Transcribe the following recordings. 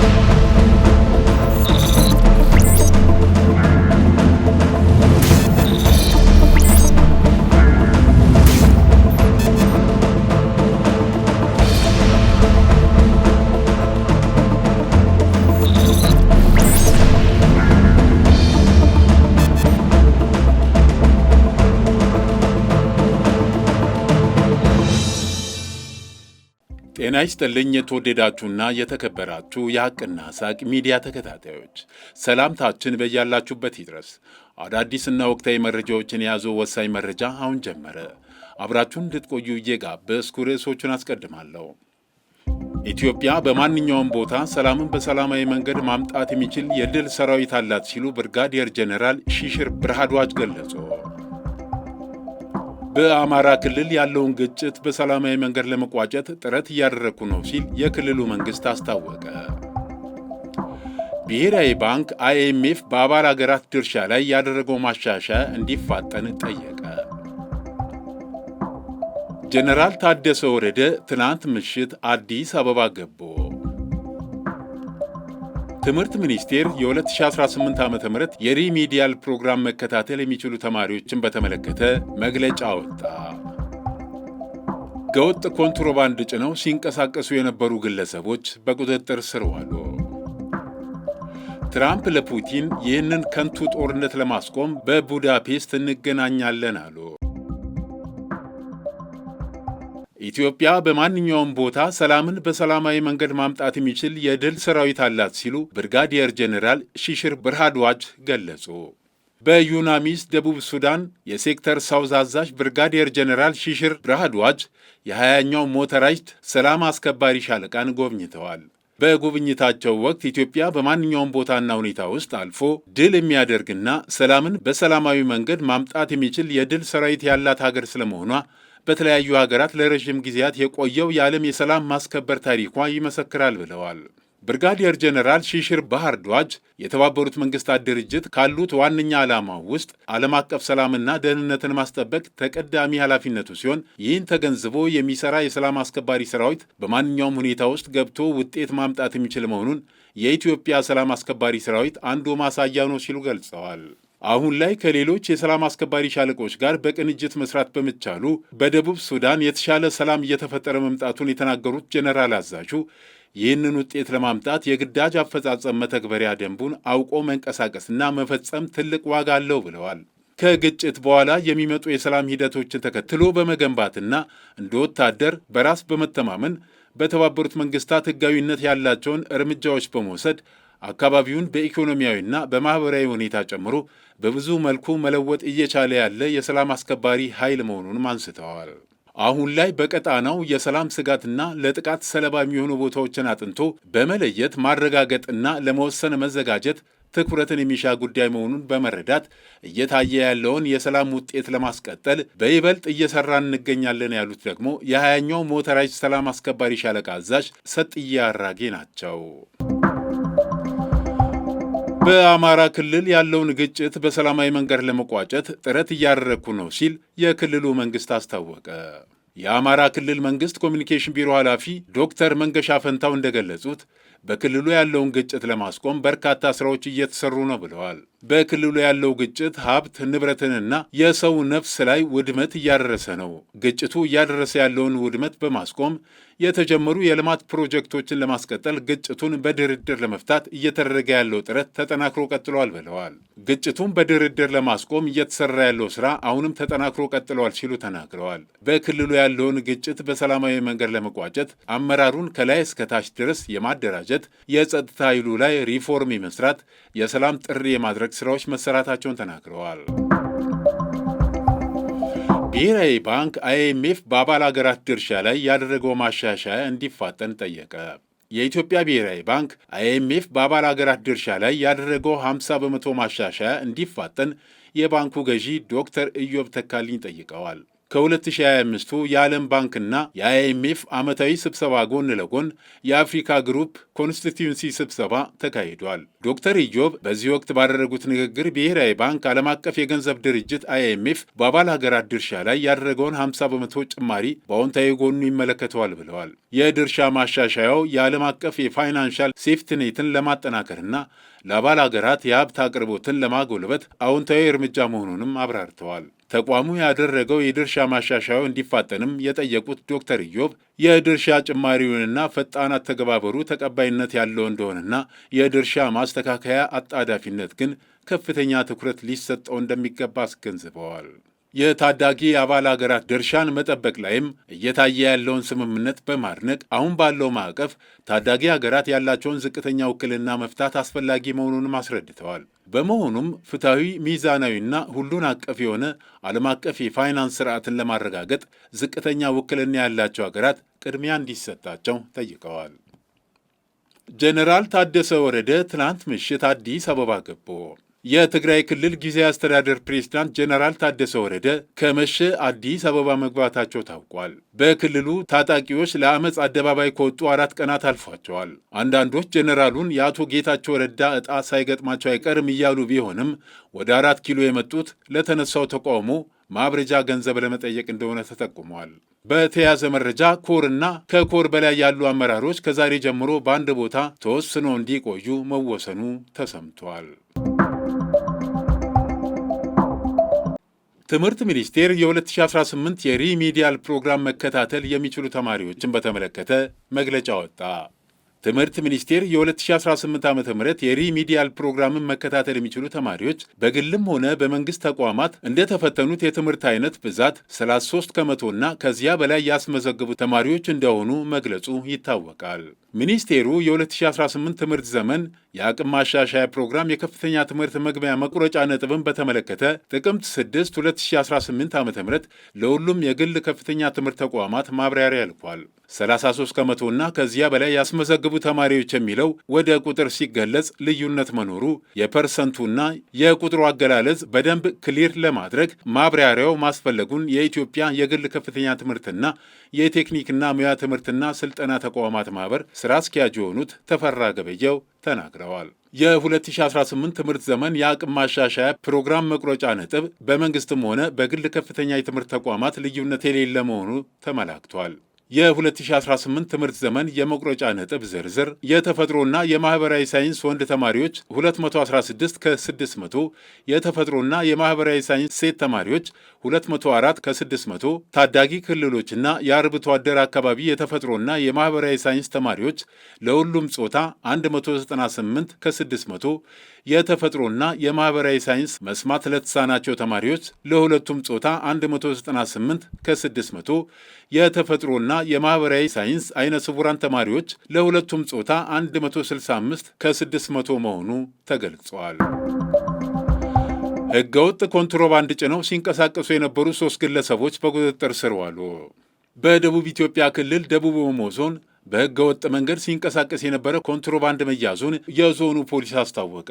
Thank you. ጤና ይስጥልኝ የተወደዳችሁና የተከበራችሁ የሐቅና ሳቅ ሚዲያ ተከታታዮች ሰላምታችን በያላችሁበት ይድረስ። አዳዲስና ወቅታዊ መረጃዎችን የያዘ ወሳኝ መረጃ አሁን ጀመረ። አብራችሁን እንድትቆዩ እየጋበዝኩ ርዕሶቹን አስቀድማለሁ። ኢትዮጵያ በማንኛውም ቦታ ሰላምን በሰላማዊ መንገድ ማምጣት የሚችል የድል ሰራዊት አላት ሲሉ ብርጋዲየር ጀኔራል ሺሽር ብርሃድዋጅ ገለጹ። በአማራ ክልል ያለውን ግጭት በሰላማዊ መንገድ ለመቋጨት ጥረት እያደረግኩ ነው ሲል የክልሉ መንግስት አስታወቀ። ብሔራዊ ባንክ አይኤምኤፍ በአባል አገራት ድርሻ ላይ ያደረገው ማሻሻያ እንዲፋጠን ጠየቀ። ጀነራል ታደሰ ወረደ ትናንት ምሽት አዲስ አበባ ገቡ። ትምህርት ሚኒስቴር የ2018 ዓ ም የሪሚዲያል ፕሮግራም መከታተል የሚችሉ ተማሪዎችን በተመለከተ መግለጫ ወጣ። ገወጥ ኮንትሮባንድ ጭነው ሲንቀሳቀሱ የነበሩ ግለሰቦች በቁጥጥር ስር ዋሉ። ትራምፕ ለፑቲን ይህንን ከንቱ ጦርነት ለማስቆም በቡዳፔስት እንገናኛለን አሉ። ኢትዮጵያ በማንኛውም ቦታ ሰላምን በሰላማዊ መንገድ ማምጣት የሚችል የድል ሰራዊት አላት ሲሉ ብርጋዲየር ጄኔራል ሺሽር ብርሃድዋጅ ገለጹ። በዩናሚስ ደቡብ ሱዳን የሴክተር ሳውዝ አዛዥ ብርጋዲየር ጄኔራል ሺሽር ብርሃድዋጅ የሀያኛው ሞተራይት ሰላም አስከባሪ ሻለቃን ጎብኝተዋል። በጉብኝታቸው ወቅት ኢትዮጵያ በማንኛውም ቦታና ሁኔታ ውስጥ አልፎ ድል የሚያደርግና ሰላምን በሰላማዊ መንገድ ማምጣት የሚችል የድል ሰራዊት ያላት ሀገር ስለመሆኗ በተለያዩ ሀገራት ለረዥም ጊዜያት የቆየው የዓለም የሰላም ማስከበር ታሪኳ ይመሰክራል ብለዋል። ብርጋዲየር ጀነራል ሺሽር ባህር ዷጅ የተባበሩት መንግስታት ድርጅት ካሉት ዋነኛ ዓላማ ውስጥ ዓለም አቀፍ ሰላምና ደህንነትን ማስጠበቅ ተቀዳሚ ኃላፊነቱ ሲሆን ይህን ተገንዝቦ የሚሰራ የሰላም አስከባሪ ሰራዊት በማንኛውም ሁኔታ ውስጥ ገብቶ ውጤት ማምጣት የሚችል መሆኑን የኢትዮጵያ ሰላም አስከባሪ ሰራዊት አንዱ ማሳያ ነው ሲሉ ገልጸዋል። አሁን ላይ ከሌሎች የሰላም አስከባሪ ሻለቆች ጋር በቅንጅት መስራት በመቻሉ በደቡብ ሱዳን የተሻለ ሰላም እየተፈጠረ መምጣቱን የተናገሩት ጀነራል አዛዡ ይህንን ውጤት ለማምጣት የግዳጅ አፈጻጸም መተግበሪያ ደንቡን አውቆ መንቀሳቀስና መፈጸም ትልቅ ዋጋ አለው ብለዋል። ከግጭት በኋላ የሚመጡ የሰላም ሂደቶችን ተከትሎ በመገንባትና እንደ ወታደር በራስ በመተማመን በተባበሩት መንግስታት ሕጋዊነት ያላቸውን እርምጃዎች በመውሰድ አካባቢውን በኢኮኖሚያዊና በማኅበራዊ ሁኔታ ጨምሮ በብዙ መልኩ መለወጥ እየቻለ ያለ የሰላም አስከባሪ ኃይል መሆኑንም አንስተዋል። አሁን ላይ በቀጣናው የሰላም ስጋትና ለጥቃት ሰለባ የሚሆኑ ቦታዎችን አጥንቶ በመለየት ማረጋገጥና ለመወሰን መዘጋጀት ትኩረትን የሚሻ ጉዳይ መሆኑን በመረዳት እየታየ ያለውን የሰላም ውጤት ለማስቀጠል በይበልጥ እየሰራ እንገኛለን ያሉት ደግሞ የሀያኛው ሞተራይዝ ሰላም አስከባሪ ሻለቃ አዛዥ ሰጥዬ አራጌ ናቸው። በአማራ ክልል ያለውን ግጭት በሰላማዊ መንገድ ለመቋጨት ጥረት እያደረግኩ ነው ሲል የክልሉ መንግስት አስታወቀ። የአማራ ክልል መንግስት ኮሚኒኬሽን ቢሮ ኃላፊ ዶክተር መንገሻ ፈንታው እንደገለጹት በክልሉ ያለውን ግጭት ለማስቆም በርካታ ስራዎች እየተሰሩ ነው ብለዋል። በክልሉ ያለው ግጭት ሀብት ንብረትንና የሰው ነፍስ ላይ ውድመት እያደረሰ ነው። ግጭቱ እያደረሰ ያለውን ውድመት በማስቆም የተጀመሩ የልማት ፕሮጀክቶችን ለማስቀጠል ግጭቱን በድርድር ለመፍታት እየተደረገ ያለው ጥረት ተጠናክሮ ቀጥሏል ብለዋል። ግጭቱን በድርድር ለማስቆም እየተሰራ ያለው ስራ አሁንም ተጠናክሮ ቀጥሏል ሲሉ ተናግረዋል። በክልሉ ያለውን ግጭት በሰላማዊ መንገድ ለመቋጨት አመራሩን ከላይ እስከታች ድረስ የማደራጀት፣ የጸጥታ ኃይሉ ላይ ሪፎርም የመስራት የሰላም ጥሪ የማድረግ ስራዎች መሰራታቸውን ተናግረዋል። ብሔራዊ ባንክ አይኤምኤፍ በአባል አገራት ድርሻ ላይ ያደረገው ማሻሻያ እንዲፋጠን ጠየቀ። የኢትዮጵያ ብሔራዊ ባንክ አይኤምኤፍ በአባል አገራት ድርሻ ላይ ያደረገው 50 በመቶ ማሻሻያ እንዲፋጠን የባንኩ ገዢ ዶክተር ኢዮብ ተካልኝ ጠይቀዋል። ከ2025ቱ የዓለም ባንክና የአይኤምኤፍ ዓመታዊ ስብሰባ ጎን ለጎን የአፍሪካ ግሩፕ ኮንስቲትዩንሲ ስብሰባ ተካሂዷል። ዶክተር ኢዮብ በዚህ ወቅት ባደረጉት ንግግር ብሔራዊ ባንክ ዓለም አቀፍ የገንዘብ ድርጅት አይኤምኤፍ በአባል ሀገራት ድርሻ ላይ ያደረገውን 50 በመቶ ጭማሪ በአዎንታዊ ጎኑ ይመለከተዋል ብለዋል። የድርሻ ማሻሻያው የዓለም አቀፍ የፋይናንሻል ሴፍትኔትን ለማጠናከርና ለአባል አገራት የሀብት አቅርቦትን ለማጎልበት አዎንታዊ እርምጃ መሆኑንም አብራርተዋል። ተቋሙ ያደረገው የድርሻ ማሻሻያው እንዲፋጠንም የጠየቁት ዶክተር ኢዮብ የድርሻ ጭማሪውንና ፈጣን አተገባበሩ ተቀባይነት ያለው እንደሆነና የድርሻ ማስተካከያ አጣዳፊነት ግን ከፍተኛ ትኩረት ሊሰጠው እንደሚገባ አስገንዝበዋል። የታዳጊ አባል አገራት ድርሻን መጠበቅ ላይም እየታየ ያለውን ስምምነት በማድነቅ አሁን ባለው ማዕቀፍ ታዳጊ ሀገራት ያላቸውን ዝቅተኛ ውክልና መፍታት አስፈላጊ መሆኑንም አስረድተዋል። በመሆኑም ፍትሐዊ፣ ሚዛናዊና ሁሉን አቀፍ የሆነ ዓለም አቀፍ የፋይናንስ ስርዓትን ለማረጋገጥ ዝቅተኛ ውክልና ያላቸው ሀገራት ቅድሚያ እንዲሰጣቸው ጠይቀዋል። ጄኔራል ታደሰ ወረደ ትናንት ምሽት አዲስ አበባ ገቡ። የትግራይ ክልል ጊዜያዊ አስተዳደር ፕሬዝዳንት ጀነራል ታደሰ ወረደ ከመሸ አዲስ አበባ መግባታቸው ታውቋል። በክልሉ ታጣቂዎች ለአመፅ አደባባይ ከወጡ አራት ቀናት አልፏቸዋል። አንዳንዶች ጀነራሉን የአቶ ጌታቸው ረዳ ዕጣ ሳይገጥማቸው አይቀርም እያሉ ቢሆንም ወደ አራት ኪሎ የመጡት ለተነሳው ተቃውሞ ማብረጃ ገንዘብ ለመጠየቅ እንደሆነ ተጠቁመዋል። በተያዘ መረጃ ኮርና ከኮር በላይ ያሉ አመራሮች ከዛሬ ጀምሮ በአንድ ቦታ ተወስኖ እንዲቆዩ መወሰኑ ተሰምቷል። ትምህርት ሚኒስቴር የ2018 የሪሚዲያል ፕሮግራም መከታተል የሚችሉ ተማሪዎችን በተመለከተ መግለጫ ወጣ። ትምህርት ሚኒስቴር የ2018 ዓ ም የሪሚዲያል ፕሮግራምን መከታተል የሚችሉ ተማሪዎች በግልም ሆነ በመንግሥት ተቋማት እንደተፈተኑት የትምህርት አይነት ብዛት 33 ከመቶና ከዚያ በላይ ያስመዘግቡ ተማሪዎች እንደሆኑ መግለጹ ይታወቃል። ሚኒስቴሩ የ2018 ትምህርት ዘመን የአቅም ማሻሻያ ፕሮግራም የከፍተኛ ትምህርት መግቢያ መቁረጫ ነጥብን በተመለከተ ጥቅምት 6 2018 ዓ ም ለሁሉም የግል ከፍተኛ ትምህርት ተቋማት ማብራሪያ ልኳል። 33 ከመቶና ከዚያ በላይ ያስመዘግቡ ተማሪዎች የሚለው ወደ ቁጥር ሲገለጽ ልዩነት መኖሩ የፐርሰንቱና የቁጥሩ አገላለጽ በደንብ ክሊር ለማድረግ ማብራሪያው ማስፈለጉን የኢትዮጵያ የግል ከፍተኛ ትምህርትና የቴክኒክና ሙያ ትምህርትና ስልጠና ተቋማት ማህበር ስራ አስኪያጅ የሆኑት ተፈራ ገበየው ተናግረዋል። የ2018 ትምህርት ዘመን የአቅም ማሻሻያ ፕሮግራም መቁረጫ ነጥብ በመንግስትም ሆነ በግል ከፍተኛ የትምህርት ተቋማት ልዩነት የሌለ መሆኑ ተመላክቷል። የ2018 ትምህርት ዘመን የመቁረጫ ነጥብ ዝርዝር የተፈጥሮና የማህበራዊ ሳይንስ ወንድ ተማሪዎች 216 ከ600፣ የተፈጥሮና የማህበራዊ ሳይንስ ሴት ተማሪዎች 204 ከ600፣ ታዳጊ ክልሎችና የአርብቶ አደር አካባቢ የተፈጥሮና የማህበራዊ ሳይንስ ተማሪዎች ለሁሉም ጾታ 198 ከ600 የተፈጥሮና የማህበራዊ ሳይንስ መስማት ለተሳናቸው ተማሪዎች ለሁለቱም ጾታ 198 ከ600፣ የተፈጥሮና የማህበራዊ ሳይንስ አይነ ስውራን ተማሪዎች ለሁለቱም ጾታ 165 ከ600 መሆኑ ተገልጿል። ህገወጥ ኮንትሮባንድ ጭነው ሲንቀሳቀሱ የነበሩ ሶስት ግለሰቦች በቁጥጥር ስር ዋሉ። በደቡብ ኢትዮጵያ ክልል ደቡብ ኦሞ ዞን በህገ ወጥ መንገድ ሲንቀሳቀስ የነበረ ኮንትሮባንድ መያዙን የዞኑ ፖሊስ አስታወቀ።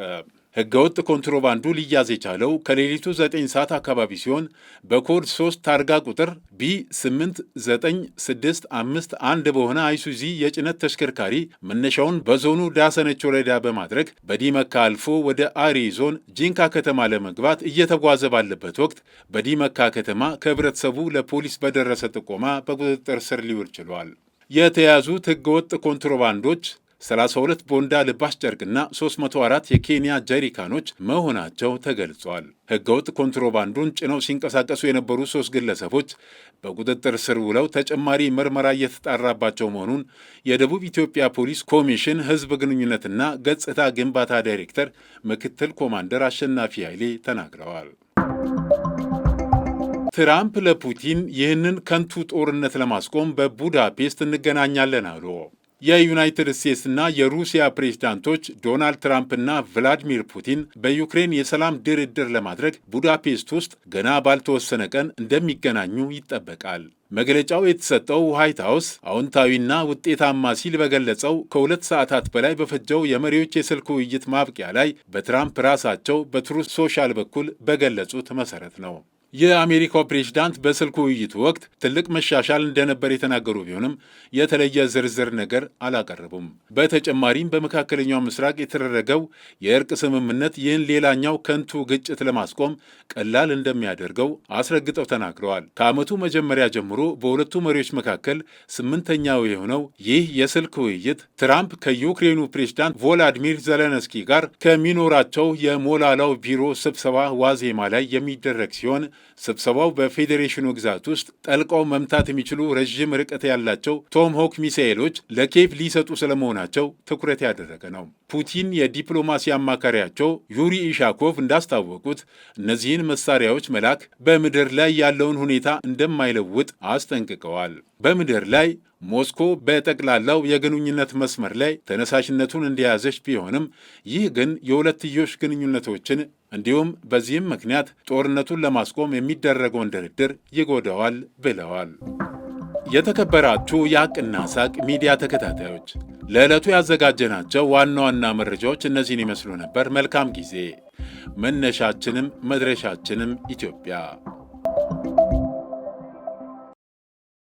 ህገ ወጥ ኮንትሮባንዱ ሊያዝ የቻለው ከሌሊቱ 9 ሰዓት አካባቢ ሲሆን በኮድ 3 ታርጋ ቁጥር ቢ8965 በሆነ አይሱዚ የጭነት ተሽከርካሪ መነሻውን በዞኑ ዳሰነች ወረዳ በማድረግ በዲመካ አልፎ ወደ አሪ ዞን ጂንካ ከተማ ለመግባት እየተጓዘ ባለበት ወቅት በዲመካ ከተማ ከህብረተሰቡ ለፖሊስ በደረሰ ጥቆማ በቁጥጥር ስር ሊውል ችሏል። የተያዙት ህገወጥ ኮንትሮባንዶች 32 ቦንዳ ልባሽ ጨርቅና 304 የኬንያ ጀሪካኖች መሆናቸው ተገልጿል። ህገወጥ ኮንትሮባንዱን ጭነው ሲንቀሳቀሱ የነበሩ ሶስት ግለሰቦች በቁጥጥር ስር ውለው ተጨማሪ ምርመራ እየተጣራባቸው መሆኑን የደቡብ ኢትዮጵያ ፖሊስ ኮሚሽን ህዝብ ግንኙነትና ገጽታ ግንባታ ዳይሬክተር ምክትል ኮማንደር አሸናፊ ኃይሌ ተናግረዋል። ትራምፕ ለፑቲን ይህንን ከንቱ ጦርነት ለማስቆም በቡዳፔስት እንገናኛለን አሉ። የዩናይትድ ስቴትስና የሩሲያ ፕሬዚዳንቶች ዶናልድ ትራምፕና ቭላዲሚር ፑቲን በዩክሬን የሰላም ድርድር ለማድረግ ቡዳፔስት ውስጥ ገና ባልተወሰነ ቀን እንደሚገናኙ ይጠበቃል። መግለጫው የተሰጠው ዋይት ሀውስ አዎንታዊና ውጤታማ ሲል በገለጸው ከሁለት ሰዓታት በላይ በፈጀው የመሪዎች የስልክ ውይይት ማብቂያ ላይ በትራምፕ ራሳቸው በትሩስ ሶሻል በኩል በገለጹት መሠረት ነው። የአሜሪካው ፕሬዚዳንት በስልክ ውይይቱ ወቅት ትልቅ መሻሻል እንደነበር የተናገሩ ቢሆንም የተለየ ዝርዝር ነገር አላቀረቡም። በተጨማሪም በመካከለኛው ምስራቅ የተደረገው የእርቅ ስምምነት ይህን ሌላኛው ከንቱ ግጭት ለማስቆም ቀላል እንደሚያደርገው አስረግጠው ተናግረዋል። ከዓመቱ መጀመሪያ ጀምሮ በሁለቱ መሪዎች መካከል ስምንተኛው የሆነው ይህ የስልክ ውይይት ትራምፕ ከዩክሬኑ ፕሬዚዳንት ቮላዲሚር ዘለንስኪ ጋር ከሚኖራቸው የሞላላው ቢሮ ስብሰባ ዋዜማ ላይ የሚደረግ ሲሆን ስብሰባው በፌዴሬሽኑ ግዛት ውስጥ ጠልቀው መምታት የሚችሉ ረዥም ርቀት ያላቸው ቶም ሆክ ሚሳኤሎች ለኬቭ ሊሰጡ ስለመሆናቸው ትኩረት ያደረገ ነው። ፑቲን የዲፕሎማሲ አማካሪያቸው ዩሪ ኢሻኮቭ እንዳስታወቁት እነዚህን መሳሪያዎች መላክ በምድር ላይ ያለውን ሁኔታ እንደማይለውጥ አስጠንቅቀዋል። በምድር ላይ ሞስኮ በጠቅላላው የግንኙነት መስመር ላይ ተነሳሽነቱን እንደያዘች ቢሆንም ይህ ግን የሁለትዮሽ ግንኙነቶችን እንዲሁም በዚህም ምክንያት ጦርነቱን ለማስቆም የሚደረገውን ድርድር ይጎዳዋል ብለዋል። የተከበራችሁ የአቅና ሳቅ ሚዲያ ተከታታዮች ለዕለቱ ያዘጋጀናቸው ዋና ዋና መረጃዎች እነዚህን ይመስሉ ነበር። መልካም ጊዜ። መነሻችንም መድረሻችንም ኢትዮጵያ።